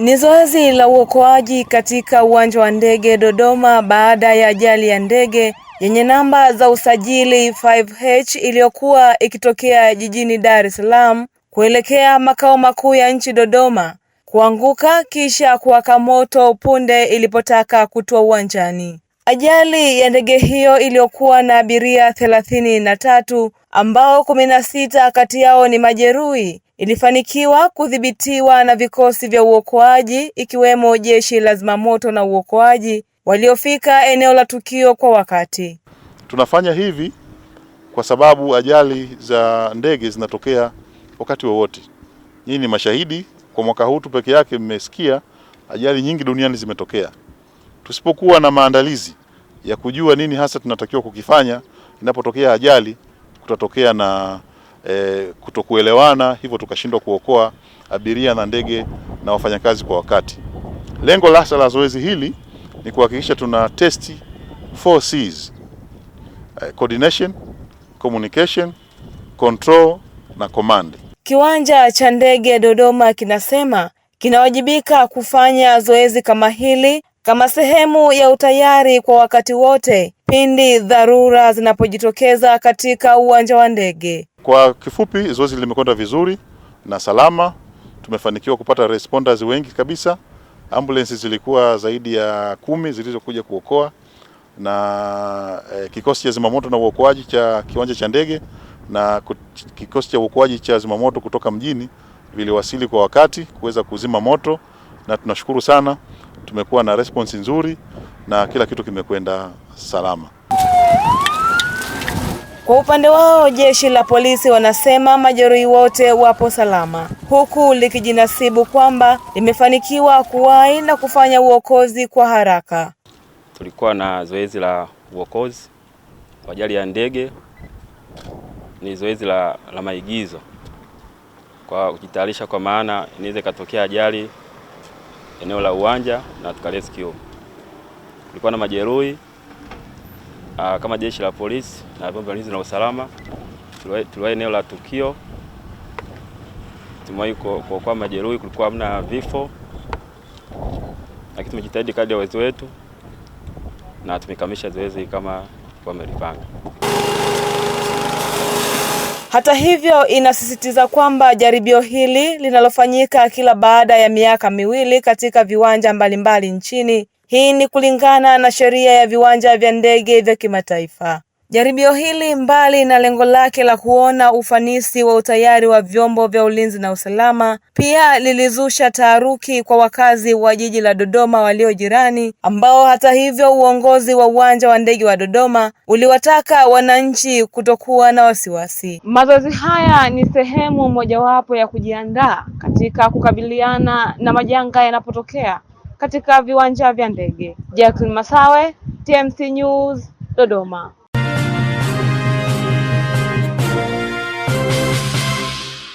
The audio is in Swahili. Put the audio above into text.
Ni zoezi la uokoaji katika uwanja wa ndege Dodoma baada ya ajali ya ndege yenye namba za usajili 5H iliyokuwa ikitokea jijini Dar es Salaam kuelekea makao makuu ya nchi Dodoma kuanguka kisha kuwaka moto punde ilipotaka kutua uwanjani. Ajali ya ndege hiyo iliyokuwa na abiria thelathini na tatu ambao kumi na sita kati yao ni majeruhi ilifanikiwa kudhibitiwa na vikosi vya uokoaji ikiwemo jeshi la zimamoto na uokoaji waliofika eneo la tukio kwa wakati. Tunafanya hivi kwa sababu ajali za ndege zinatokea wakati wowote. Nyinyi ni mashahidi, kwa mwaka huu tu peke yake mmesikia ajali nyingi duniani zimetokea. Tusipokuwa na maandalizi ya kujua nini hasa tunatakiwa kukifanya inapotokea ajali, kutatokea na e, kutokuelewana, hivyo tukashindwa kuokoa abiria na ndege na wafanyakazi kwa wakati. Lengo lasa la zoezi hili ni kuhakikisha tuna test four Cs: e, coordination, communication, control na command. Kiwanja cha ndege Dodoma kinasema kinawajibika kufanya zoezi kama hili kama sehemu ya utayari kwa wakati wote pindi dharura zinapojitokeza katika uwanja wa ndege. Kwa kifupi, zoezi limekwenda vizuri na salama. Tumefanikiwa kupata responders wengi kabisa. Ambulance zilikuwa zaidi ya kumi zilizokuja kuokoa na eh, kikosi cha zimamoto na uokoaji cha kiwanja cha ndege na kikosi cha uokoaji cha zimamoto kutoka mjini viliwasili kwa wakati kuweza kuzima moto, na tunashukuru sana. Tumekuwa na response nzuri na kila kitu kimekwenda salama. Kwa upande wao, jeshi la polisi wanasema majeruhi wote wapo salama, huku likijinasibu kwamba limefanikiwa kuwahi na kufanya uokozi kwa haraka. Tulikuwa na zoezi la uokozi kwa ajali ya ndege, ni zoezi la, la maigizo kwa kujitayarisha, kwa maana inaweza ikatokea ajali eneo la uwanja na tukarescue. Kulikuwa na majeruhi Ah, kama jeshi la polisi na vyombo vya ulinzi na usalama, tuliwahi eneo la tukio, tumewahi kuokoa majeruhi, kulikuwa hamna vifo, lakini tumejitahidi kadri ya uwezo wetu na tumekamisha zoezi kama wamelipanga. Hata hivyo, inasisitiza kwamba jaribio hili linalofanyika kila baada ya miaka miwili katika viwanja mbalimbali nchini. Hii ni kulingana na sheria ya viwanja vya ndege vya kimataifa. Jaribio hili mbali na lengo lake la kuona ufanisi wa utayari wa vyombo vya ulinzi na usalama, pia lilizusha taharuki kwa wakazi wa jiji la Dodoma walio jirani, ambao hata hivyo uongozi wa uwanja wa ndege wa Dodoma uliwataka wananchi kutokuwa na wasiwasi. Mazoezi haya ni sehemu mojawapo ya kujiandaa katika kukabiliana na majanga yanapotokea katika viwanja vya ndege. Jackson Masawe, TMC News, Dodoma.